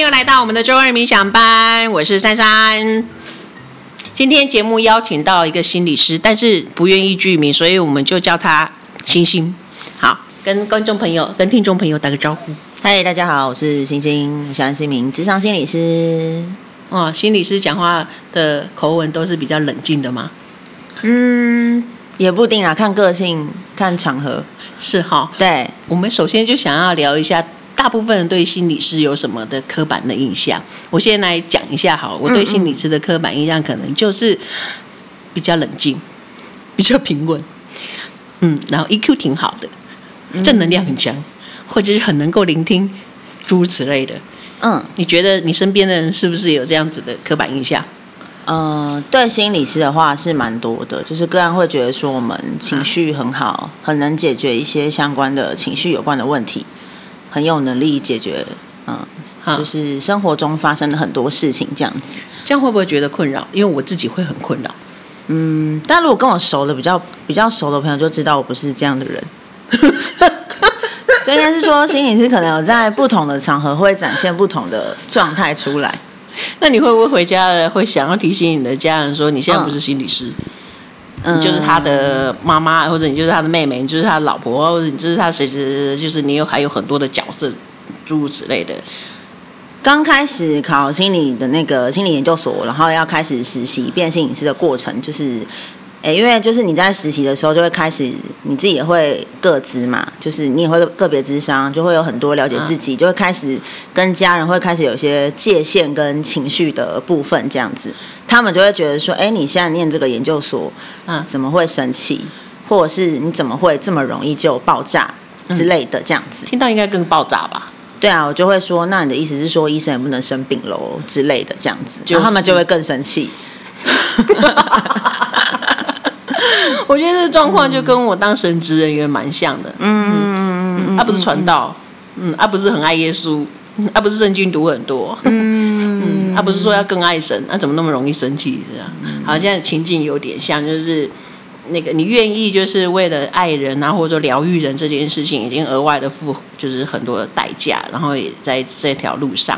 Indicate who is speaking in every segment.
Speaker 1: 歡迎來到我們的周二冥想班，我是珊珊。今天節目邀請到一個心理師，但是不願意具名，所以我們就叫他星星。好，跟觀眾朋友、跟聽眾朋友打個招呼。嗨、hey,，大家好，我是星星，我是安心名諮商心理師。哦，心理師講話的口吻都是比較冷靜的嗎？嗯，也不定啊，看個性、看場合。是哈、哦，對，我們首先就想要聊一下。大部分人對心理師有什麼的刻板的印象？我先來講一下哈，我對心理師的刻板印象可能就是比較冷靜、比較平穩，嗯，然後 EQ 挺好的，正能量很強，或者是很能夠聆聽，諸如此類的。嗯，你覺得你身邊的人是不是有這樣子的刻板印象？嗯、呃，對心理師的話是蠻多的，就是個人
Speaker 2: 會覺得說我們情緒很好、啊，很能解決一些相關的情緒有關的問題。很有能力解決，嗯，就是生活中發生了很多事情，這樣子，這樣會不會覺得困擾？因為我自己會很困擾，嗯，但如果跟我熟的比較比較熟的朋友就知道我不是這樣的人，所以應該
Speaker 1: 是說心理師可能有在不同的場合會展現不同的狀態出來。那你會不會回家了會想要提醒你的家人說你現在不是心理師？嗯你就是他的媽媽，嗯，或者你就是他的妹妹，你就是他的老婆，或者你就是他誰誰誰，就是你有還有很多的角色，諸如此類的。
Speaker 2: 剛開始考心理的那個心理研究所，然後要開始實習變性醫師的過程，就是。誒，因為就是你在實習的時候，就會開始你自己也會各自嘛，就是你也會個別諮商，就會有很多了解自己、啊，就會開始跟家人會開始有一些界限跟情緒的部分這樣子。他們就會覺得說，哎，你現在念這個研究所，嗯、啊，怎麼會生氣，或者是你怎麼會這麼容易就爆炸之類的這樣子、嗯？
Speaker 1: 聽到應該更爆炸吧？
Speaker 2: 對啊，我就會說，那你的意思是說醫生也不能生病嘍之類的
Speaker 1: 這樣子，就是、然後他們就會
Speaker 2: 更生氣。
Speaker 1: 我覺得這狀況就跟我當神職人員蠻像的。嗯嗯嗯，他、啊、不是傳道，嗯，他、啊、不是很愛耶穌，他、嗯、啊、不是聖經讀很多，嗯嗯，他、啊、不是說要更愛神，那、啊、怎麼那麼容易生氣這樣？好像情境有點像，就是那個你願意，就是為了愛人啊，或者療癒人這件事情，已經額外的付就是很多的代價，然後也在這條路上，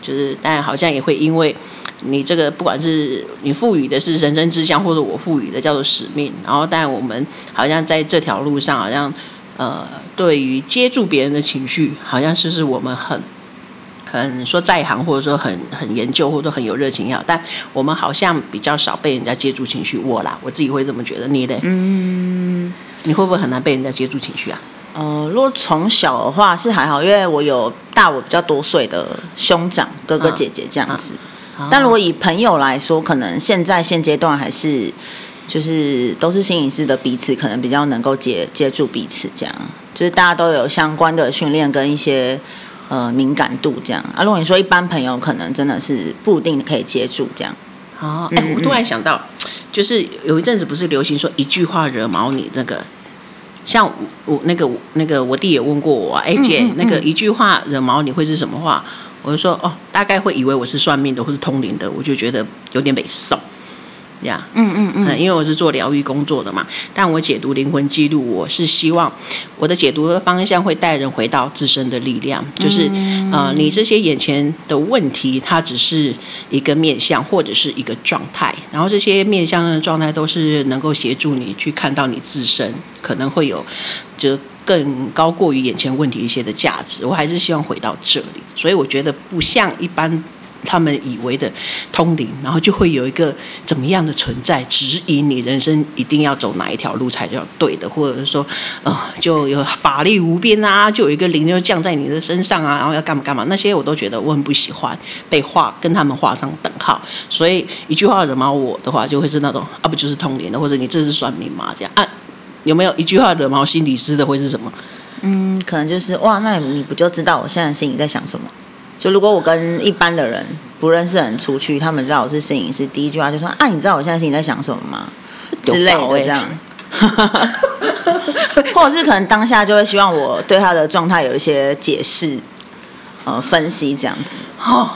Speaker 1: 就是但好像也會因為。你這個不管是你賦予的是人生志向，或者我賦予的叫做使命，然後但我們好像在這條路上，好像呃，對於接住別人的情緒，好像是是我們很很說在行，或者說很很研究，或者很有熱情也好，但我們好像比較少被人家接住情緒。我啦，我自己會這麼覺得，你呢？嗯，你會不會很難被人家接住情緒啊、嗯？
Speaker 2: 呃，如果從小的話是還好，因為我有大我比較多歲的兄長、哥哥、姐姐這樣子。嗯嗯但如果以朋友來說，可能現在現階段還是，就是都是心理師的彼此，可能比較能夠接接觸彼此這樣，就是大家都有相關的訓練跟一些、呃、敏感度這樣。啊，如果你說一般朋友，可能真的是不
Speaker 1: 一定可以接觸這樣。哦，哎、欸嗯嗯，我突然想到，就是有一陣子不是流行說一句話惹毛你那個，像我那個那個我弟也問過我、啊，哎、欸、姐嗯嗯嗯，那個一句話惹毛你會是什麼話？我就說哦，大概會以為我是算命的，或是通靈的，我就覺得有點被損，這樣、
Speaker 2: yeah. 嗯。嗯嗯嗯，因
Speaker 1: 為我是做療癒工作的嘛。但我解讀靈魂記錄，我是希望我的解讀的方向會帶人回到自身的力量，就是啊、嗯呃，你這些眼前的問題，它只是一個面向或者是一個狀態，然後這些面向的狀態都是能夠協助你去看到你自身可能會有，就。更高過於眼前問題一些的價值，我還是希望回到這裡，所以我覺得不像一般他們以為的通靈，然後就會有一個怎麼樣的存在指引你人生一定要走哪一條路才叫對的，或者是說，呃，就有法力無邊啊，就有一個靈就降在你的身上啊，然後要幹嘛幹嘛。那些我都覺得我很不喜歡被畫跟他們畫上等號，所以一句話惹毛我的話，就會是那種啊，不就是通靈的，或者你這是算命嗎？這樣啊。有沒有一句話惹毛心理師的會是什麼？嗯，可能就是哇，
Speaker 2: 那你不就知道我現在心裡在想什麼？就如果我跟一般的人不認識的人出去，他們知道我是心理師，第一句話就說，啊，你知道我現在心裡在想什麼嗎？
Speaker 1: 之類的這樣，
Speaker 2: 啊就是、 或者是可能當下就會希望我對他的狀態有
Speaker 1: 一些解釋，呃，分析這樣子。哦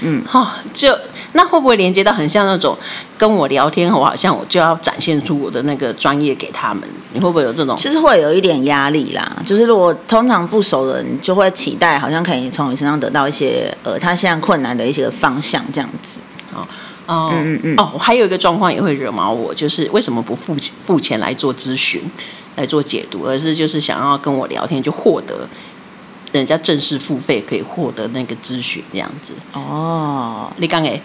Speaker 1: 嗯，好，就那會不會連接到很像那種跟我聊天，我好像我就要展現出我的那個專業給他們？你會不會有這種？其實會有一點壓力啦，就是如果通常不熟的
Speaker 2: 人就會期待，好像可以從你身上得到一些，呃，他現在困難的一些方向這樣
Speaker 1: 子。哦哦、呃、嗯，嗯，哦，我還有一個狀況也會惹毛我，就是為什麼不付錢付錢來做諮詢，來做解讀，而是就是想要跟我聊天就獲得。人家正式付費可以獲得那個諮詢這樣子哦，你講哎，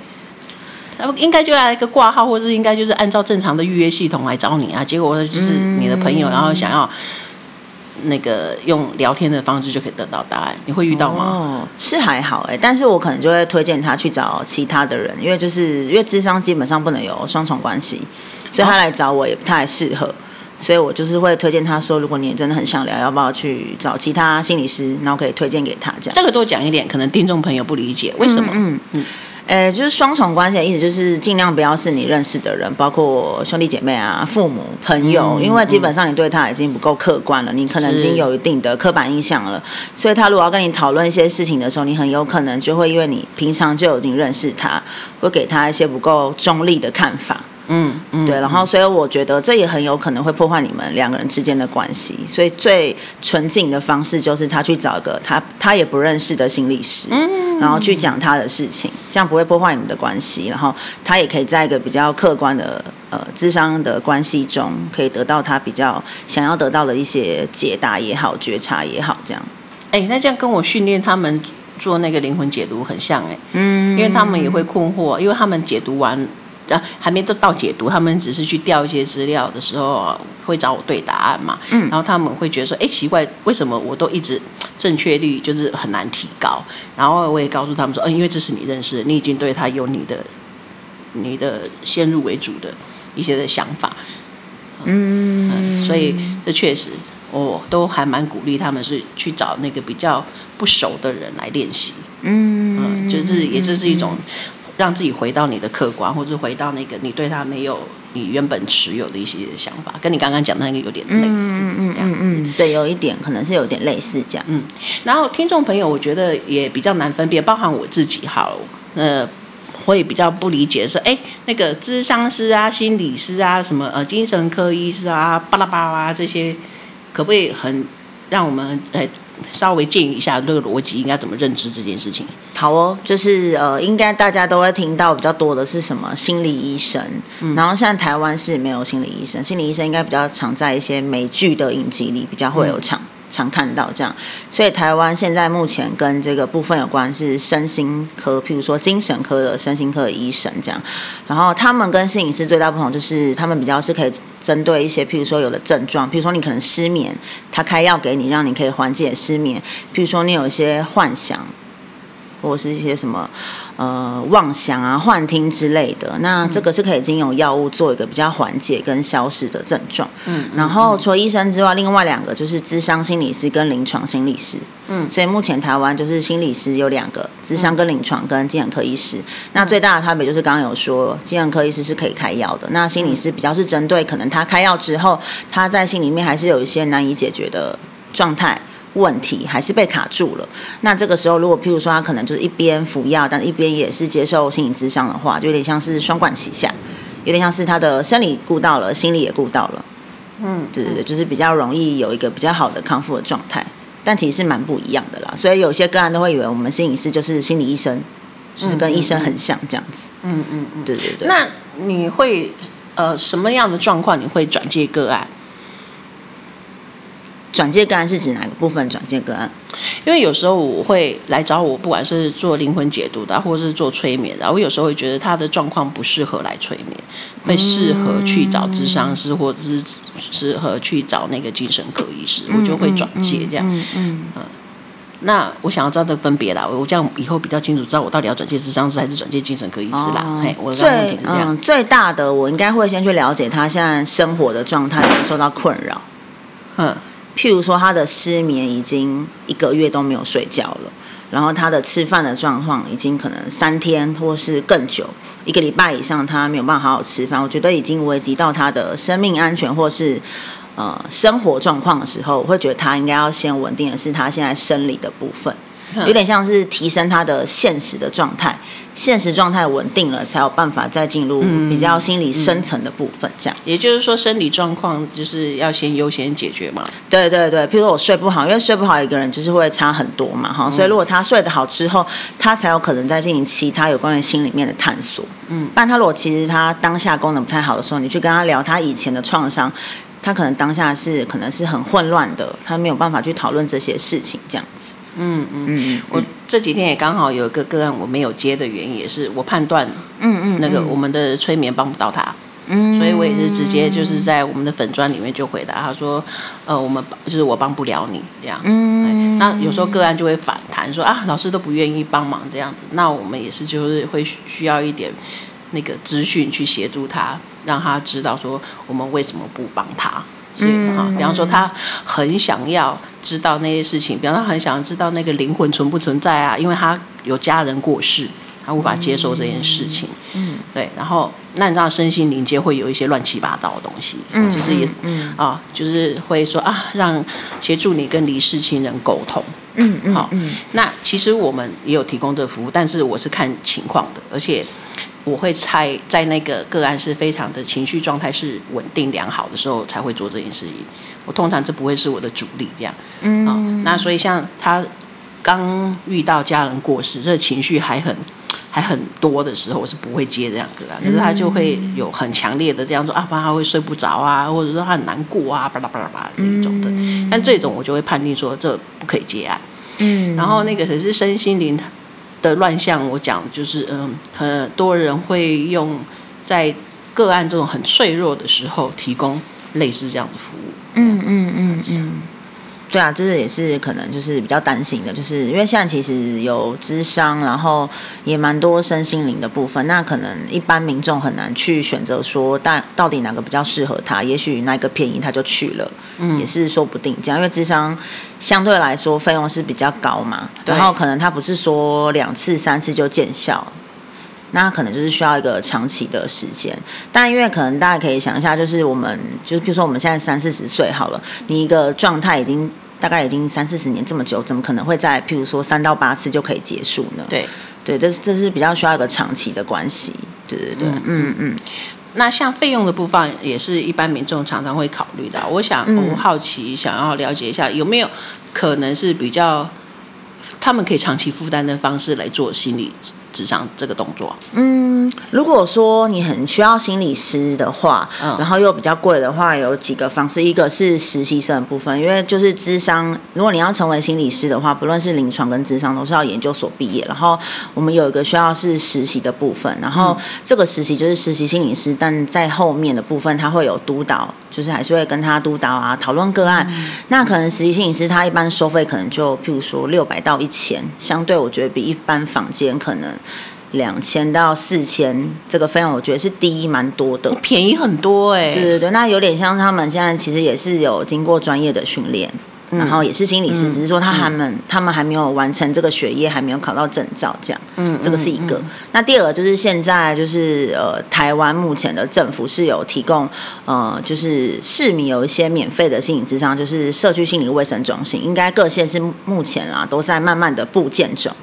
Speaker 1: 那不應該就來一個掛號，或是應該就是按照正常的預約系統來找你啊。結果呢，就是你的朋友，嗯，然後想要那個用聊天的方式就可以得到答案，
Speaker 2: 你會遇到嗎？哦，是還好哎，欸，但是我可能就會推薦他去找其他的人，因為就是因為諮商基本上不能有雙重關係，所以他來找我也不太適合。哦所以我就是會推薦他說，如果你也真的很想聊，要不要去找其他心理師，然後可以推薦給他講。這樣這個
Speaker 1: 多講一點，可
Speaker 2: 能聽眾朋友不理解為什麼？嗯嗯，呃、嗯欸，就是雙重關係的意思，就是盡量不要是你認識的人，包括兄弟姐妹啊、父母、朋友、嗯嗯，因為基本上你對他已經不夠客觀了，你可能已經有一定的刻板印象了。所以他如果要跟你討論一些事情的時候，你很有可能就會因為你平常就已經認識他，會給他一些不夠中立的看法。嗯，嗯，對，然後所以我覺得這也很有可能會破壞你們兩個人之間的關係，所以最純淨的方式就是他去找一個他他也不認識的心理師嗯，嗯，然後去講他的事情，這樣不會破壞你們的關係，然後他也可以在一個比較客觀的呃諮商的關係中，可以得到他比較想要得到的一些解答也好，覺察也好，這樣。
Speaker 1: 哎、欸，那這樣跟我訓練他們做那個靈魂解讀很像哎、欸，嗯，因為他們也會困惑，因為他們解讀完。還沒到到解讀，他們只是去調一些資料的時候啊，會找我對答案嘛，嗯。然後他們會覺得說，哎，奇怪，為什麼我都一直正確率就是很難提高？然後我也告訴他們說，嗯，因為這是你認識的，你已經對他有你的你的先入為主的一些的想法，嗯。嗯，所以這確實，我都還蠻鼓勵他們是去找那個比較不熟的人來練習。嗯，就是也就是一種。嗯讓自己回到你的客觀，或者回到那個你對他沒有你原本持有的一些想法，跟你剛剛講的那個有點類似的這樣。嗯嗯嗯，嗯對，有一點可能是有點類似這樣。嗯，然後聽眾朋友，我覺得也比較難分辨，包含我自己，哈，呃，會比較不理解說哎，那個諮商師啊、心理師啊、什麼呃精神科醫師啊、巴拉巴拉、啊、這些，可不可以很讓我們稍微建議一下，這個邏輯應該怎麼認知這件事情？好哦，就是呃，應該大家都會聽
Speaker 2: 到比較多的是什麼心理醫生，嗯，然後像台灣是沒有心理醫生，心理醫生應該比較常在一些美劇的影集裡比較會有場。嗯常看到這樣，所以台灣現在目前跟這個部分有關是身心科，譬如說精神科的身心科醫生這樣，然後他們跟心理師最大不同就是他們比較是可以針對一些譬如說有的症狀，譬如說你可能失眠，他開藥給你，讓你可以緩解失眠；譬如說你有一些幻想，或者是一些什麼。呃，妄想啊、幻聽之類的，那這個是可以經由藥物做一個比較緩解跟消失的症狀。嗯，然後除了醫生之外，嗯、另外兩個就是諮商心理師跟臨床心理師。嗯，所以目前台灣就是心理師有兩個，諮商跟臨床跟精神科醫師。那最大的差別就是剛剛有說，精神科醫師是可以開藥的，那心理師比較是針對可能他開藥之後，他在心裡面還是有一些難以解決的狀態。問題還是被卡住了。那這個時候，如果譬如說他可能就是一邊服藥，但一邊也是接受心理諮商的話，就有點像是雙管齊下，有點像是他的生理顧到了，心理也顧到了。嗯，對對對，就是比較容易有一個比較好的康復的狀態。但其實是蠻不一樣的啦，所以有些個案都會以為我們心理師就是心理醫生，
Speaker 1: 就是跟醫生很像這樣子。嗯嗯嗯，嗯，嗯，對對，對，對，那你會，呃，什麼樣的狀況你會轉介個案？轉介個案是指哪個部分？轉介個案因為有時候我會來找我，不管是做靈魂解讀的、啊，或是做催眠的、啊，我有時候會覺得他的狀況不適合來催眠、嗯，會適合去找諮商師，或者是適合去找那個精神科醫師，嗯、我就會轉介這樣。嗯，嗯，嗯，嗯，那我想要知道的分別啦，我這樣以後比較清楚，知道我到底要轉介諮商師還是轉介精神科醫師啦。哎、哦嗯，我問這樣。最、嗯、最大的，我應該會先去了解
Speaker 2: 他現在生活的狀態有沒有受到困擾。嗯。譬如說，他的失眠已經一個月都沒有睡覺了，然後他的吃飯的狀況已經可能三天或是更久，一個禮拜以上他沒有辦法好好吃飯，我覺得已經危及到他的生命安全或是呃生活狀況的時候，我會覺得他應該要先穩定的是他現在生理的部分。有點像是提升他的現實的狀態，現實狀態穩定了，才有辦法再進入比較心理深層的部分。這樣，
Speaker 1: 也就是說，生理狀況就是要先優先解決嘛。
Speaker 2: 對對對，譬如說我睡不好，因為睡不好，一個人就是會差很多嘛哈、嗯。所以如果他睡得好之後，他才有可能再進行其他有關於心裡面的探索。嗯，但他如果其實他當下功能不太好的時候，你去跟他聊他以前的創傷，他可能當下是可能是很混亂的，他沒有辦法去討論這些事情這樣子。
Speaker 1: 嗯嗯嗯，我這幾天也剛好有一個個案，我沒有接的原因也是我判斷，嗯嗯，那個我們的催眠幫不到他，嗯，所以我也是直接就是在我們的粉專裡面就回答他說，呃，我們就是我幫不了你這樣，嗯，那有時候個案就會反彈說啊，老師都不願意幫忙這樣子，那我們也是就是會需要一點那個資訊去協助他，讓他知道說我們為什麼不幫他。嗯，比方說他很想要知道那些事情，比方他很想要知道那個靈魂存不存在啊，因為他有家人過世，他無法接受這件事情。嗯，嗯對，然後那你知道身心靈界會有一些亂七八糟的東西，嗯，就是也，嗯啊、哦，就是會說啊，讓協助你跟離世親人溝通。嗯嗯，好、哦，那其實我們也有提供這個服務，但是我是看情況的，而且。我會猜，在那個個案是非常的情緒狀態是穩定良好的時候才會做這件事情。我通常這不會是我的主力這樣，嗯，嗯。那所以像他剛遇到家人過世，這個、情緒還很還很多的時候，我是不會接這樣個案，啊，可是他就會有很強烈的這樣說啊，不然他會睡不着啊，或者說他很難過啊，巴拉巴拉巴拉那種的。但這種我就會判定說，這不可以接案。嗯，然後那個可是身心靈。的亂象，我講就是，嗯，很多人會用在個案這種很脆弱的時候，提供類似這樣的服務。嗯嗯嗯嗯。嗯嗯對啊，這也是可能就是比較擔
Speaker 2: 心的，就是因為現在其實有諮商，然後也蠻多身心靈的部分。那可能一般民眾很難去選擇說，但到底哪個比較適合他？也許那個便宜他就去了，嗯、也是說不定。這樣，因為諮商相對來說費用是比較高嘛，然後可能他不是說兩次三次就見效，那可能就是需要一個長期的時間。但因為可能大家可以想一下，就是我們，就比如說我們現在三四十歲好了，你一個狀態已經。大概已經三四十年這麼久，怎麼可能會在譬如說三到八次就可以結束呢？對，對，這是這是比較需要一個長期的關係。對對對，對
Speaker 1: 嗯嗯。那像費用的部分，也是一般民眾常常會考慮的。我想，嗯、我好奇想要了解一下，有沒有可能是比較他們可以長期負擔的方式來做心理諮商這個動作？嗯。
Speaker 2: 如果說你很需要心理師的話，哦，然後又比較貴的話，有幾個方式，一個是實習生的部分，因為就是諮商，如果你要成為心理師的話，不論是臨床跟諮商，都是要研究所畢業。然後我們有一個需要是實習的部分，然後這個實習就是實習心理師，但在後面的部分，他會有督導，就是還是會跟他督導啊，討論個案。嗯，那可能實習心理師他一般收費可能就譬如說六百到一千，相對我覺得比一般房間可能。兩千到四千，這個費用我覺得是低蠻多的，便宜很多哎、欸。對、就、對、是、對，那有點像他們現在其實也是有經過專業的訓練、嗯，然後也是心理師，嗯、只是說他他們、嗯、他們還沒有完成這個學業，還沒有考到證照，這樣。嗯，這個是一個。嗯嗯、那第二個就是現在就是呃，台灣目前的政府是有提供呃，就是市民有一些免費的心理諮商，就是社區心理衛生中心，應該各縣市目前啦、啊，都在慢慢的布建中。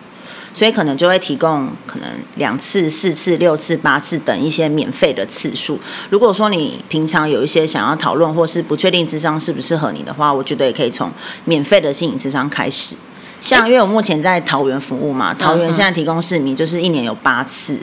Speaker 2: 所以可能就會提供可能兩次、四次、六次、八次等一些免費的次數。如果說你平常有一些想要討論，或是不確定諮商適不適合你的話，我覺得也可以從免費的心理諮商開始。像因為我目前在桃園服務嘛，桃園現在提供市民就是一年有八次。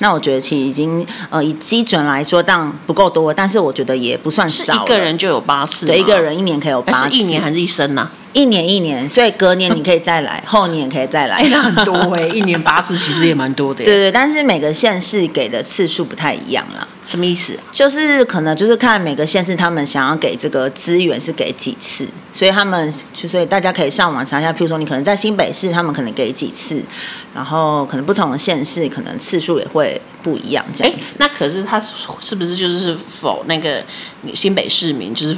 Speaker 2: 那我覺得其實已經呃以基準來說，當然不夠多，但是我覺得也不算少。一個人
Speaker 1: 就有八次，對，一個人一年可以有八次，是一年還是一生呢、啊？一
Speaker 2: 年一年，所以隔年你可以再來， 後年也可以再來。哎、那很多耶， 一
Speaker 1: 年八次其實也蠻多的。對對，
Speaker 2: 但是每個縣市給的次數不太一樣了。什麼意思、啊？就是可能就是看每個縣市他們想要給這個資源是給幾次，所以他們就所以大家可以上網查一下，譬如說你可能在新北市，他們可能給幾次，然後可能不同的縣市可能次數也會
Speaker 1: 不一樣。這樣、欸。那可是他是不是就是否那個新北市民就是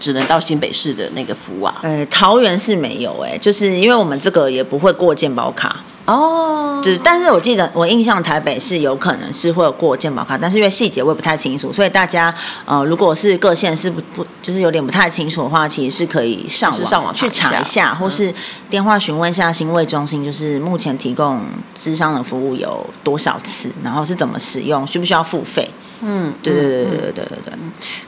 Speaker 1: 只能到新北市的那個福啊？呃、嗯，桃園是沒有、欸，哎，就是因為
Speaker 2: 我們這個也不會過健保卡。哦、oh.，但是我記得我印象台北是有可能是會有過健保卡，但是因為細節我也不太清楚，所以大家呃，如果是各縣是不不，就是有點不太清楚的話，其實是可以上網,上網查去查一下、嗯，或是電話詢問一下心衛中心，就是目前提供諮商的服務有多少次，然後是怎麼使用，需不需要付費？嗯，對
Speaker 1: 對對對對對
Speaker 2: 對,對,對,對。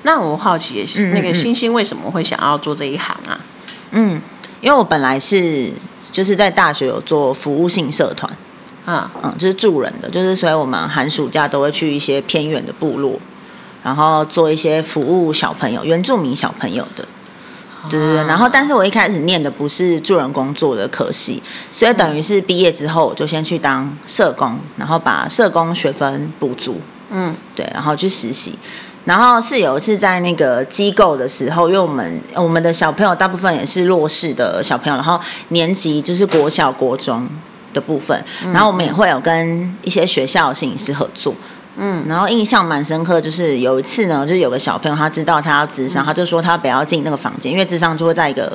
Speaker 2: 那我好奇的是，那個星星為什麼會想要做這一行啊？嗯，嗯嗯因為我本來是。就是在大學有做服務性社團，啊，嗯，就是助人的，就是所以我們寒暑假都會去一些偏遠的部落，然後做一些服務小朋友、原住民小朋友的，對、啊、對、就是。然後，但是我一開始念的不是助人工作的科系。所以等於是畢業之後我就先去當社工，然後把社工學分補足，嗯，對，然後去實習。然後是有一次在那個機構的時候，因為我們我們的小朋友大部分也是弱勢的小朋友，然後年級就是國小國中的部分、嗯，然後我們也會有跟一些學校的心理師合作，嗯，然後印象蠻深刻，就是有一次呢，就是有個小朋友他知道他要諮商，嗯、他就說他不要進那個房間，因為諮商就會在一個。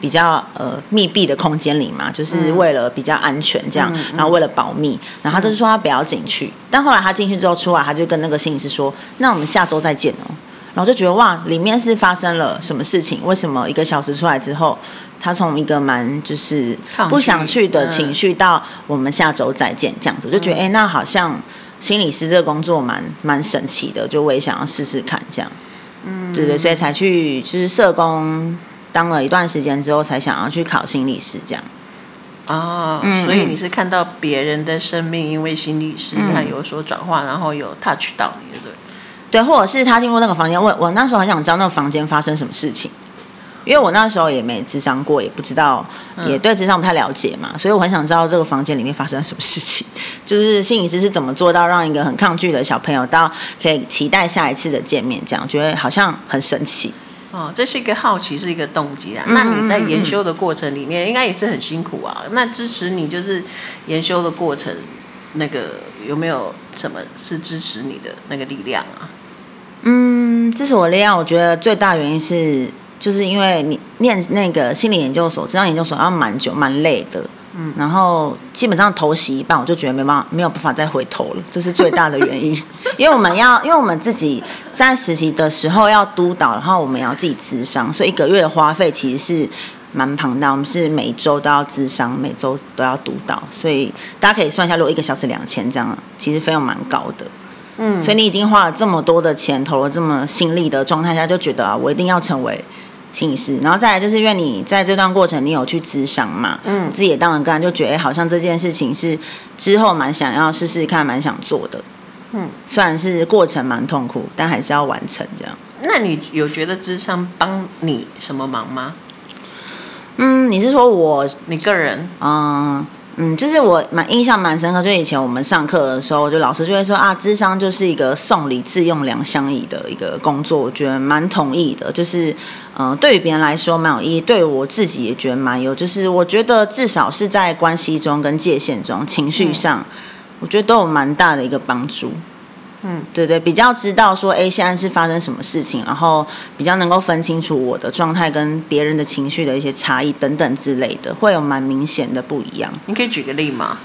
Speaker 2: 比較呃密閉的空間裡嘛、嗯，就是為了比較安全這樣，嗯、然後為了保密，嗯、然後他就是說他不要進去、嗯，但後來他進去之後出來，他就跟那個心理師說：“那我們下周再見哦。”然後就覺得哇，裡面是發生了什麼事情、嗯？為什麼一個小時出來之後，他從一個蠻就是不想去的情緒，到我們下周再見這樣子，我就覺得哎、嗯欸，那好像心理師這個工作蠻蠻神奇的，就我也想要試試看這樣。嗯，對，對對，所以才去就是社工。當了一段時間之後，才想要去考心理師這樣。
Speaker 1: 啊、oh, 嗯，所以你是看到別人的生命因為心理師、嗯、他有所轉換，然後有 touch 到你，對
Speaker 2: 對？或者是他進入那個房間，我我那時候很想知道那個房間發生什麼事情，因為我那時候也沒諮商過，也不知道，也對諮商不太了解嘛、嗯，所以我很想知道這個房間裡面發生什麼事情，就是心理師是怎麼做到讓一個很抗拒的小朋友到可以期待下一次的見面，這樣，覺得好像很神奇。
Speaker 1: 哦，這是一個好奇，是一個動機啊。那你在研修的過程裡面，嗯嗯嗯，應該也是很辛苦啊。那支持你就是研修的過程，那個有沒有什麼是支持你的那個力量啊？嗯，
Speaker 2: 支持我的力量，我覺得最大原因是，就是因為你念那個心理研究所、諮商研究所要蠻久、蠻累的。嗯，然後基本上投襲一半，我就覺得沒辦法，沒有辦法再回頭了，這是最大的原因。 因為我們要，因為我們自己在實習的時候要督導，然後我們也要自己諮商，所以一個月的花費其實是蠻龐大的。我們是每週都要諮商，每週都要督導，所以大家可以算一下，如果一個小時兩千這樣，其實費用蠻高的。嗯，所以你已經花了這麼多的錢，投了這麼心力的狀態下，就覺得啊，我一定要成為。然後再來就是因為你在這段過程，你有去諮商嘛？嗯，自己也當然幹，就覺得好像這件事情是之後蠻想要試試看，蠻想做的。嗯，雖然是過程蠻痛苦，但還是要完成這樣。
Speaker 1: 那你有覺得諮商幫你什麼忙嗎？
Speaker 2: 嗯，你是說我你個人，嗯、呃。嗯，就是我蠻印象蠻深刻，就以前我們上課的時候，我老師就會說啊，諮商就是一個送禮自用兩相宜的一個工作，我覺得蠻同意的。就是嗯、呃，對於別人來說蠻有意義，對我自己也覺得蠻有。就是我覺得至少是在關係中跟界限中，情緒上，嗯、我覺得都有蠻大的一個幫助。嗯，對對，比較知道說，哎，現在是發生什麼事情，然後比較能夠分清楚我的狀態跟別人的情緒的一些差異等等之類的，會有蠻明顯的不一樣。
Speaker 1: 你可以舉個例嗎？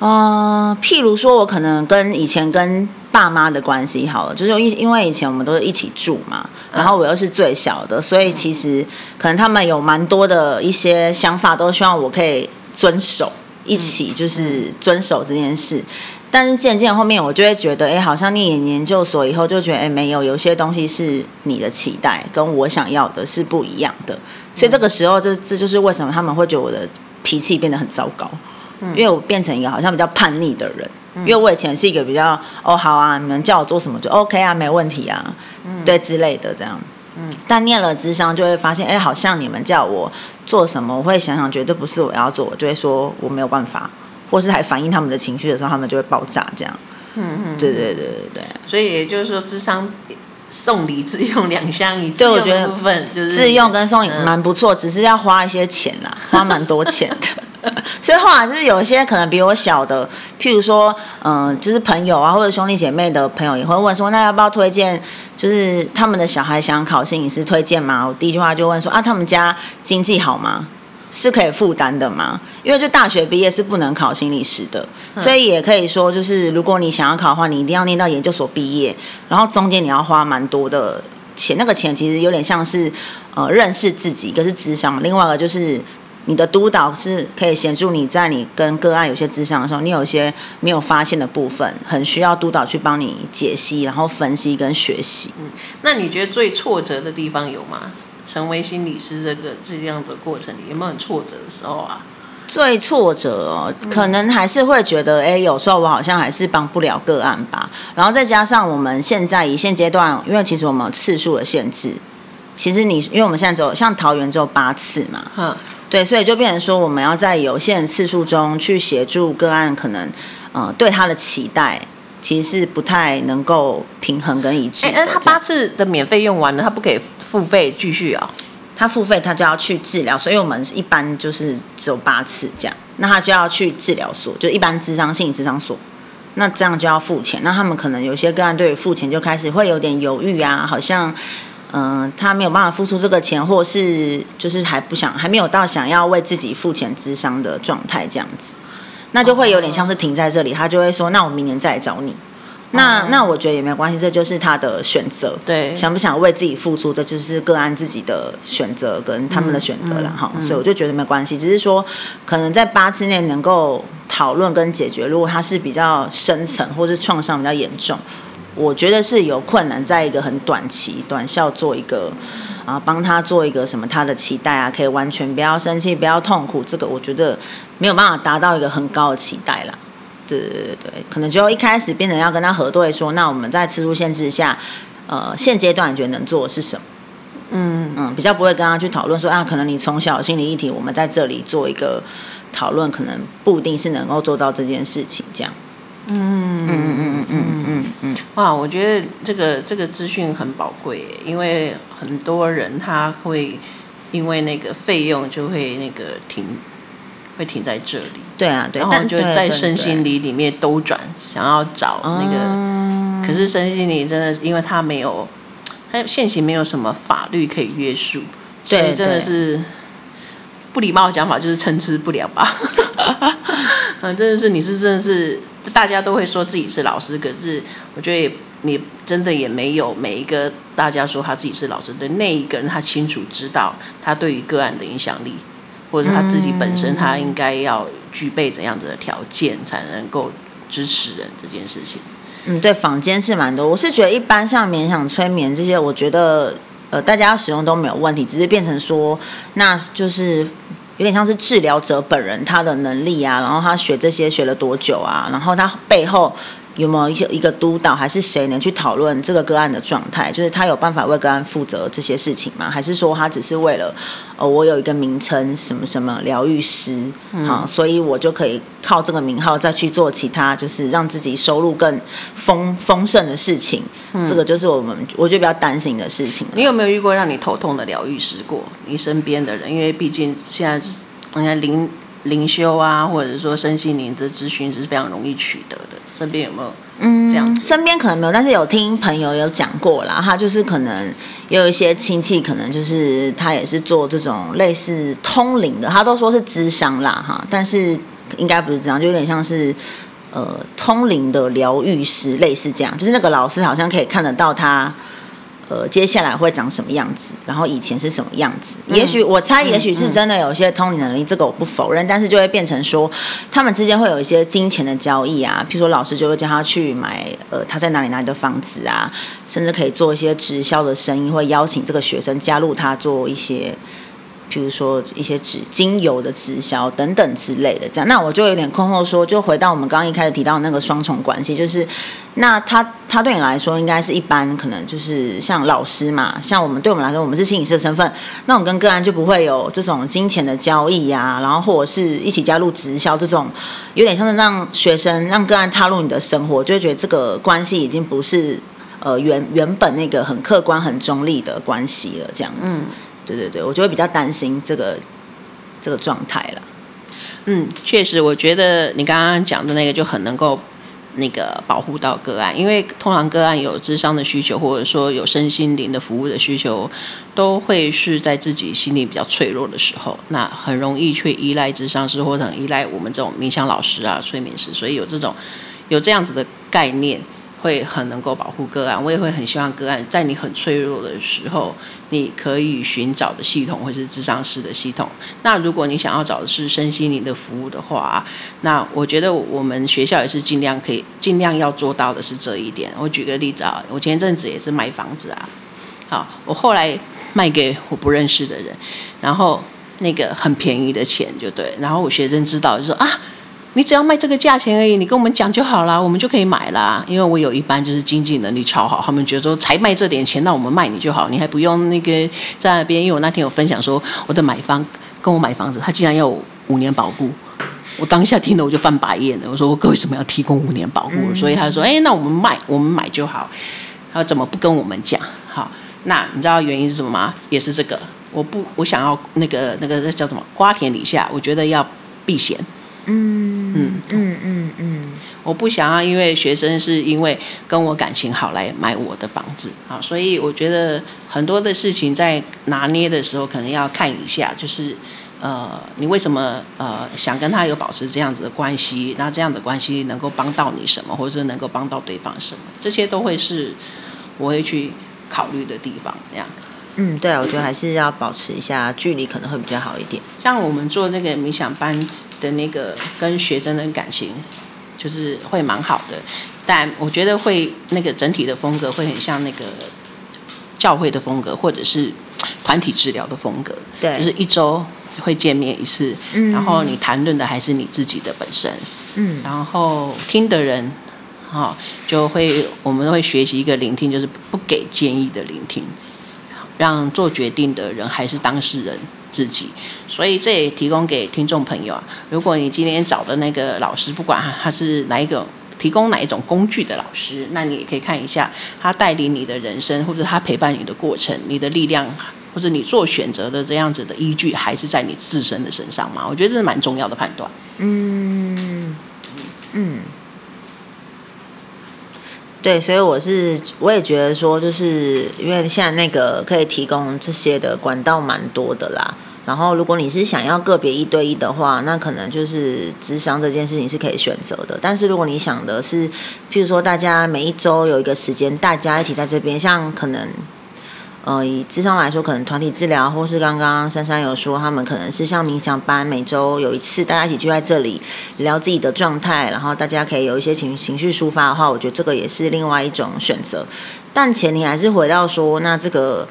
Speaker 1: 嗯、
Speaker 2: 呃，譬如說，我可能跟以前跟爸媽的關係好了，就是因因為以前我們都是一起住嘛、嗯，然後我又是最小的，所以其實可能他們有蠻多的一些想法，都希望我可以遵守、嗯，一起就是遵守這件事。但是漸漸後面，我就會覺得，哎、欸，好像念研究所以後，就覺得，哎、欸，沒有，有些東西是你的期待跟我想要的是不一樣的。嗯、所以這個時候，這這就是為什麼他們會覺得我的脾氣變得很糟糕，嗯、因為我變成一個好像比較叛逆的人，、嗯。因為我以前是一個比較，哦，好啊，你們叫我做什麼就 OK 啊，沒問題啊，嗯、對之類的這樣。嗯、但念了諮商，就會發現，哎、欸，好像你們叫我做什麼，我會想想，覺得不是我要做，我就會說我沒有辦法。或是還反映他們的情緒的時候，他們就會爆炸這樣。嗯嗯，
Speaker 1: 對對對對，
Speaker 2: 對。
Speaker 1: 所以也就是說，諮商送禮自用兩相宜。所、嗯、以、就是、我覺得自用跟
Speaker 2: 送禮蠻不錯，嗯、只是要花一些錢吶，花蠻多錢的。 所以後來就是有一些可能比我小的，譬如說嗯、呃，就是朋友啊或者兄弟姐妹的朋友也會問說，那要不要推薦？就是他們的小孩想考心理師，推薦嗎？我第一句話就問說啊，他們家經濟好嗎？是可以負擔的嘛？因為就大學畢業是不能考心理師的，嗯、所以也可以說，就是如果你想要考的話，你一定要念到研究所畢業，然後中間你要花蠻多的錢。那個錢其實有點像是呃認識自己，一個是諮商，另外一個就是你的督導是可以協助你在你跟個案有些諮商的時候，你有一些沒有發現的部分，很需要督導去幫你解析，然後分析跟學習。嗯，
Speaker 1: 那你覺得最挫折的地方有嗎？成為心理師這個這樣的過程裡，有沒有很挫折的時候
Speaker 2: 啊？最挫折哦，嗯、可能還是會覺得，哎、欸，有時候我好像還是幫不了個案吧。然後再加上我們現在以現階段，因為其實我們有次數的限制，其實你因為我們現在只有像桃園只有八次嘛，嗯，對，所以就變成說我們要在有限次數中去協助個案，可能、呃、對他的期待其實是不太能夠平衡跟一致。哎、欸嗯，他
Speaker 1: 八次的免費用完了，他不給。
Speaker 2: 付費繼續啊、哦，他付費他就要去治療，所以我們一般就是只有八次這樣，那他就要去治療所，就一般諮商，心理諮商所，那這樣就要付錢，那他們可能有些個案對付錢就開始會有點猶豫啊，好像，嗯、呃，他沒有辦法付出這個錢，或是就是還不想，還沒有到想要為自己付錢諮商的狀態這樣子，那就會有點像是停在這裡，他就會說，那我明年再來找你。那那我覺得也沒有關係，這就是他的選擇。對，想不想為自己付出，這就是個案自己的選擇跟他們的選擇了哈。所以我就覺得沒關係，只是說可能在八次內能夠討論跟解決。如果他是比較深層或是創傷比較嚴重，我覺得是有困難，在一個很短期短效做一個啊幫他做一個什麼他的期待啊，可以完全不要生氣、不要痛苦，這個我覺得沒有辦法達到一個很高的期待啦。對對對，可能就一開始變成要跟他核對說，那我們在次數限制下，呃，現階段你覺得能做的是什麼？嗯嗯，比較不會跟他去討論說啊，可能你從小有心理議題，我們在這裡做一個討論，可能不一定是能夠做到這件事情這樣。
Speaker 1: 嗯嗯嗯嗯嗯嗯嗯，哇，我覺得這個這個資訊很寶貴，因為很多人他會因為那個費用就會那個停。會停在這裡，對啊，對，然後就在身心裡裡面兜轉，想要找那個，嗯、可是身心里真的，因為他沒有，他現行沒有什麼法律可以約束，
Speaker 2: 所以真的是
Speaker 1: 不禮貌的講法，就是稱職不了吧、 嗯，真的是，你是真的是，大家都會說自己是老師，可是我覺得也你真的也沒有每一個大家說他自己是老師。對，那一個人，他清楚知道他對於個案的影響力。或者是他自己本身，他應該要具備怎樣子的條件才能夠支持人這件事情？
Speaker 2: 嗯，對，坊間是蠻多。我是覺得一般像冥想、催眠這些，我覺得呃，大家使用都沒有問題，只是變成說，那就是有點像是治療者本人他的能力啊，然後他學這些學了多久啊，然後他背後。有沒有一些一個督導，還是誰能去討論這個個案的狀態？就是他有辦法為個案負責這些事情嗎？還是說他只是為了，呃、哦，我有一個名稱，什麼什麼療癒師啊、嗯哦，所以我就可以靠這個名號再去做其他，就是讓自己收入更豐豐盛的事情、嗯，這個就是我們我就比較擔心的事情。你有沒有遇過讓你
Speaker 1: 頭痛的療癒師過？過你身邊的人，因為畢竟現在是人家靈靈修啊，或者說身心靈的諮詢是非常容易取得的。身邊有沒有？嗯，這
Speaker 2: 樣身邊可能沒有，但是有聽朋友有講過啦。他就是可能也有一些親戚，可能就是他也是做這種類似通靈的，他都說是諮商啦，哈，但是應該不是諮商，就有點像是呃通靈的療癒師，類似這樣，就是那個老師好像可以看得到他。呃，接下來會長什麼樣子？然後以前是什麼樣子？嗯，也許我猜，也許是真的有一些通靈能力，嗯，這個我不否認，嗯。但是就會變成說，他們之間會有一些金錢的交易啊，譬如說老師就會叫他去買呃他在哪裡哪裡的房子啊，甚至可以做一些直銷的生意，會邀請這個學生加入他做一些。譬如說一些植精油的直銷等等之類的，這樣，那我就有點困惑說，說就回到我們剛剛一開始提到那個雙重關係，就是那他他對你來說應該是一般，可能就是像老師嘛，像我們對我們來說，我們是心理師的身份，那我們跟個案就不會有這種金錢的交易呀、啊，然後或者是一起加入直銷這種，有點像是讓學生讓個案踏入你的生活，就會覺得這個關係已經不是呃原原本那個很客觀很中立的關係了，這樣
Speaker 1: 子。嗯對對對，我就會比較擔心這個這個狀態了。嗯，確實，我覺得你剛剛講的那個就很能夠那個保護到個案，因為通常個案有諮商的需求，或者說有身心靈的服務的需求，都會是在自己心理比較脆弱的時候，那很容易去依賴諮商師，或者依賴我們這種冥想老師啊、催眠師，所以有這種有這樣子的概念。會很能夠保護個案，我也會很希望個案在你很脆弱的時候，你可以尋找的系統，或是諮商師的系統。那如果你想要找的是身心靈的服務的話，那我覺得我們學校也是盡量可以盡量要做到的是這一點。我舉個例子啊，我前一陣子也是賣房子啊，好，我後來賣給我不認識的人，然後那個很便宜的錢就對，然後我學生知道就說啊。你只要賣這個價錢而已，你跟我們講就好了，我們就可以買了。因為我有一班就是經濟能力超好，他們覺得說才賣這點錢，那我們賣你就好，你還不用那個在那邊。因為我那天有分享說，我的買方跟我買房子，他竟然要五年保固，我當下聽了我就翻白眼了，我說我為什麼要提供五年保固？所以他就說，哎，那我們賣我們買就好，他說怎麼不跟我們講？好，那你知道原因是什麼嗎？也是這個，我不我想要那個那個叫什麼瓜田李下，我覺得要避嫌。嗯嗯嗯嗯嗯，我不想要因為學生是因為跟我感情好來買我的房子啊，所以我覺得很多的事情在拿捏的時候，可能要看一下，就是呃，你為什麼呃想跟他有保持這樣子的關係？那這樣的關係能夠幫到你什麼，或者是能夠幫到對方什麼？這些都會是我會去考慮的地方。這樣，嗯，
Speaker 2: 對啊，我覺得還
Speaker 1: 是要保持一下、嗯、距離，可能會比較好一點。像我們做那個冥想班。的那個跟學生的感情，就是會蠻好的，但我覺得會那個整體的風格會很像那個教會的風格，或者是團體治療的風格，對，就是一周會見面一次，嗯，然後你談論的還是你自己的本身，嗯，然後聽的人，哈，喔，就會我們會學習一個聆聽，就是不給建議的聆聽，讓做決定的人還是當事人。自己，所以這也提供給聽眾朋友啊。如果你今天找的那個老師，不管他是哪一種提供哪一種工具的老師，那你也可以看一下他帶領你的人生，或者他陪伴你的過程，你的力量，或者你做選擇的這樣子的依據，還是在你自身的身上嘛？我覺得這是蠻重要的判斷。嗯
Speaker 2: 嗯。對，所以我是我也覺得說，就是因為現在那個可以提供這些的管道蠻多的啦。然後，如果你是想要個別一對一的話，那可能就是諮商這件事情是可以選擇的。但是，如果你想的是，譬如說大家每一週有一個時間，大家一起在這邊，像可能。呃，以諮商來說，可能團體治療，或是剛剛33有說，他們可能是像冥想班，每周有一次，大家一起聚在這裡聊自己的狀態，然後大家可以有一些情情緒抒發的話，我覺得這個也是另外一種選擇。但前提還是回到說，那這個。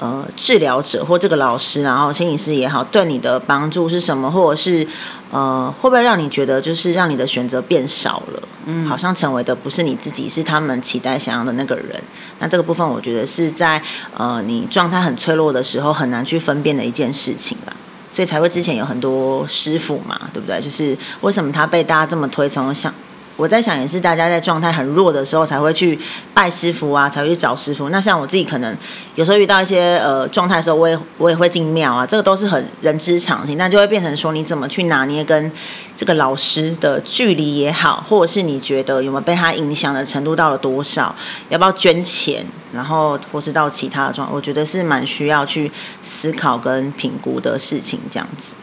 Speaker 2: 呃，治療者或這個老師，然後心理師也好，對你的幫助是什麼，或者是呃，會不會讓你覺得就是讓你的選擇變少了？嗯，好像成為的不是你自己，是他們期待想要的那個人。那這個部分，我覺得是在呃，你狀態很脆弱的時候，很難去分辨的一件事情啦。所以才會之前有很多師傅嘛，對不對？就是為什麼他被大家這麼推崇？想我在想，也是大家在狀態很弱的時候才會去拜師傅啊，才會去找師傅。那像我自己，可能有時候遇到一些呃狀態的時候，我也我也會進廟啊。這個都是很人之常情，那就會變成說，你怎麼去拿捏跟這個老師的距離也好，或者是你覺得有沒有被他影響的程度到了多少，要不要捐錢，然後或是到其他的狀，我覺得是蠻需要去思考跟評估的事情，這樣子。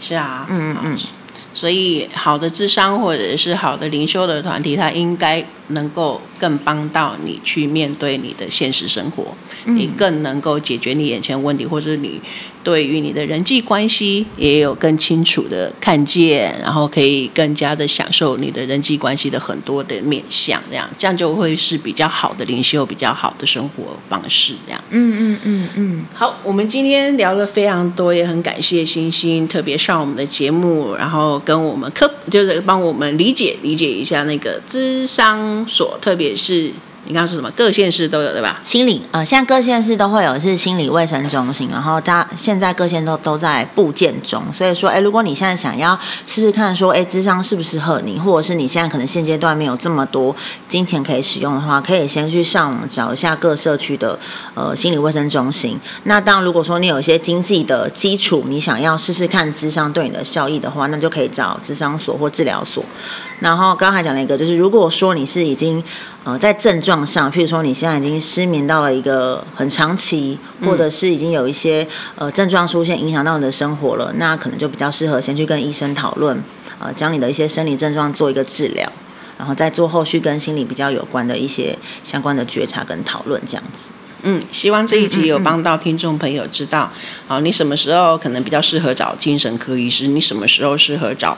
Speaker 1: 是啊，嗯嗯嗯。所以，好的諮商或者是好的靈修的團體，它應該能夠更幫到你去面對你的現實生活，你、嗯、更能夠解決你眼前問題，或者是你。對於你的人際關係也有更清楚的看見，然後可以更加的享受你的人際關係的很多的面向，這樣這樣就會是比較好的靈修，比較好的生活方式，這樣。嗯嗯嗯嗯。好，我們今天聊了非常多，也很感謝心心，特別上我們的節目，然後跟我們科普，就是幫我們理解理解一下那個諮商所，特別是。你剛剛說什麼？各縣市都有對吧？
Speaker 2: 心理呃，現在各縣市都會有是心理衛生中心，然後它現在各縣都都在布建中。所以說，哎，如果你現在想要試試看說，哎，諮商適不是適合你，或者是你現在可能現階段沒有這麼多金錢可以使用的話，可以先去上網找一下各社區的呃心理衛生中心。那當然，如果說你有一些經濟的基礎，你想要試試看諮商對你的效益的話，那就可以找諮商所或治療所。然後剛才講了一個，就是如果說你是已經呃在症狀上，譬如說你現在已經失眠到了一個很長期，或者是已經有一些呃症狀出現影響到你的生活了，那可能就比較適合先去跟醫生討論，呃，將你的一些生理症狀做一個治療，然後再做後續跟心理比較有關的
Speaker 1: 一些相關的覺察跟討論這樣子。嗯，希望這一集有幫到聽眾朋友知道嗯嗯，好，你什麼時候可能比較適合找精神科醫師？你什麼時候適合找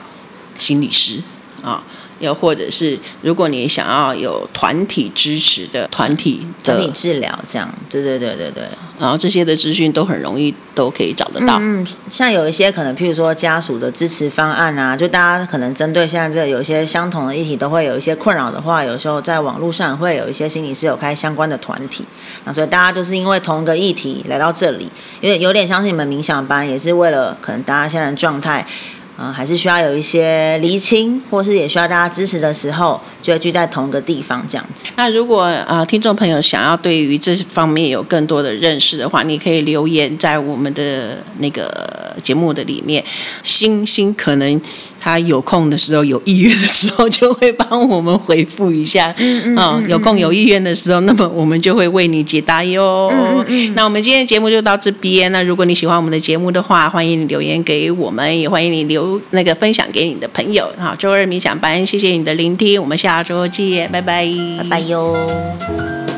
Speaker 1: 心理師？啊、哦，又或者是如果你想要有團體支持的團體的團體治療，這樣，對對對對對。然後這些的資訊都很容易都可以找得到。嗯，
Speaker 2: 像有一些可能，譬如說家屬的支持方案啊，就大家可能針對現在這有一些相同的議題都會有一些困擾的話，有時候在網絡上會有一些心理師有開相關的團體。那所以大家就是因為同一個議題來到這裡，因為有點像是你們冥想班，也是為了可能大家現在的狀態。啊，還是需要有一些釐清，或是也需要大家支持的時候，就會聚在同個地方這樣子。
Speaker 1: 那如果啊、呃，聽眾朋友想要對於這方面有更多的認識的話，你可以留言在我們的那個節目的裡面，心心可能。他有空的時候有意願的時候，就會幫我們回復一下嗯、哦，嗯，有空有意願的時候、嗯，那麼我們就會為你解答喲、嗯嗯。那我們今天節目就到這邊。那如果你喜歡我們的節目的話，歡迎你留言給我們，也歡迎你留那個分享給你的朋友。好，週二冥想班，謝謝你的聆聽，我們下週見，拜拜，拜拜喲。